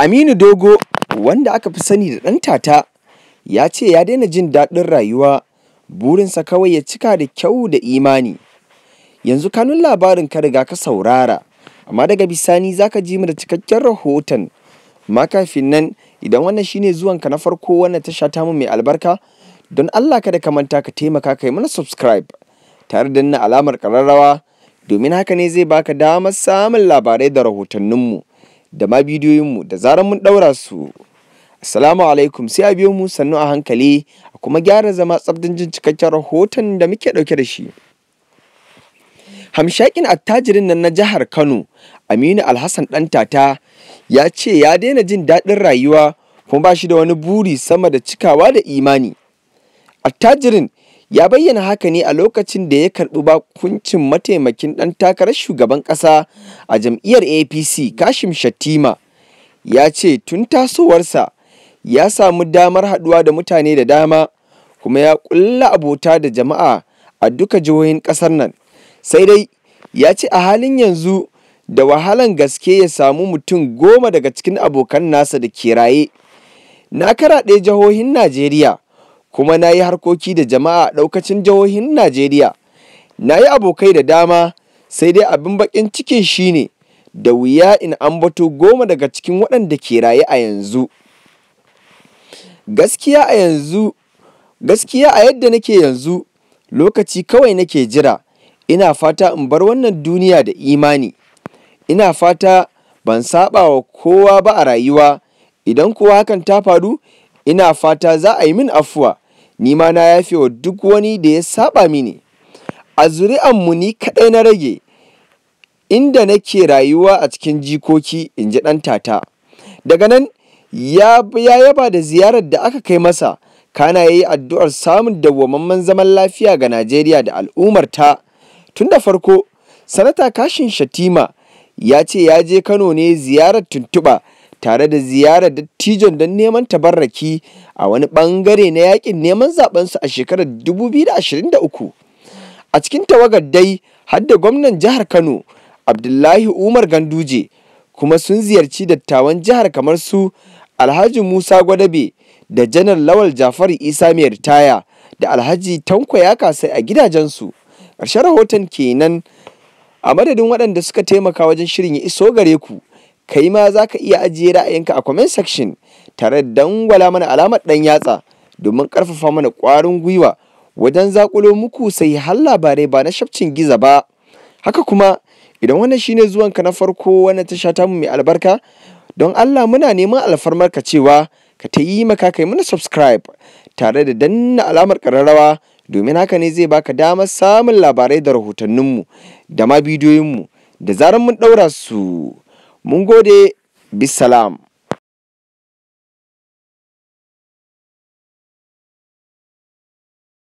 Aminu Dogo, wanda aka fi sani da ɗan tata, ya ce ya daina jin daɗin rayuwa, burinsa kawai ya cika da kyau da imani. Yanzu kanun labarin ka riga ka saurara, amma daga bisani za ka ji mu da cikakken rahoton. Ma kafin nan, idan wannan shine zuwanka na farko wannan tasha mu mai albarka, don Allah kada ka manta ka taimaka kai mana subscribe tare da nuna alamar ƙararrawa domin haka ne zai baka damar samun labarai da rahotanninmu. da ma bidiyoyinmu da zarar mun ɗaura su. Assalamu alaikum sai a biyo mu sannu a hankali a kuma gyara zama tsabdin jin cikakken rahoton da muke ɗauke da shi. Hamshakin attajirin nan na jihar Kano Aminu Alhassan ɗan tata ya ce ya daina jin daɗin rayuwa kuma ba shi da wani buri sama da cikawa da imani. Attajirin ya bayyana haka ne a lokacin da ya karɓi bakuncin mataimakin ɗan takarar shugaban ƙasa a jam'iyyar apc kashim shattima ya ce tun tasowarsa ya samu damar haɗuwa da mutane da dama kuma ya ƙulla abota da jama'a a duka jihohin ƙasar nan sai dai ya ce a halin yanzu da wahalan gaske ya samu mutum goma daga cikin abokan nasa da ke raye na karaɗe jihohin najeriya kuma na yi harkoki da jama'a a ɗaukacin jihohin Najeriya. Na yi abokai da dama sai dai abin bakin cikin shine da wuya in ambato goma daga cikin waɗanda ke raye a yanzu. Gaskiya a yanzu, gaskiya a yadda nake yanzu lokaci kawai nake jira ina fata in bar wannan duniya da imani. Ina fata ban saba wa kowa ba a rayuwa idan kuwa hakan ta faru ina fata za a yi min afuwa, ni ma na yafe wa duk wani da ya saɓa mini. A zuri'anmu ni kaɗai na rage, inda nake rayuwa a cikin jikoki, in ji ɗan tata. Daga nan ya yaba da ziyarar da aka kai masa, kana yayi addu'ar samun dawwamman zaman lafiya ga Najeriya da al'ummarta. Tun da farko, Sanata Kashin Shatima ya ce ya je Kano ne ziyarar tuntuɓa. tare da ziyarar dattijon don neman tabarraki a wani bangare na yakin neman zabensu a shekarar 2023 a cikin tawagar dai har da gwamnan jihar kano abdullahi umar ganduje kuma sun ziyarci dattawan jihar kamar su alhaji musa gwadabe da janar lawal jafar isa mai ritaya da alhaji tanko ya kasai a gidajensu ƙarshen rahoton kenan a madadin waɗanda suka taimaka wajen shirin ya iso gare ku kai ma za ka iya ajiye ra'ayinka a comment section tare da dangwala mana alamar ɗan yatsa domin karfafa mana kwarin gwiwa wajen zakulo muku sai har labarai ba na shafcin giza ba haka kuma idan wannan shine zuwan ka na farko wannan tasha tamu mai albarka don Allah muna neman alfarmar ka cewa ka ta yi maka kai mana subscribe tare da danna alamar ƙararrawa domin haka ne zai baka damar samun labarai da rahotanninmu da ma bidiyoyinmu da zarar mun ɗaura su Mun gode, bisalam.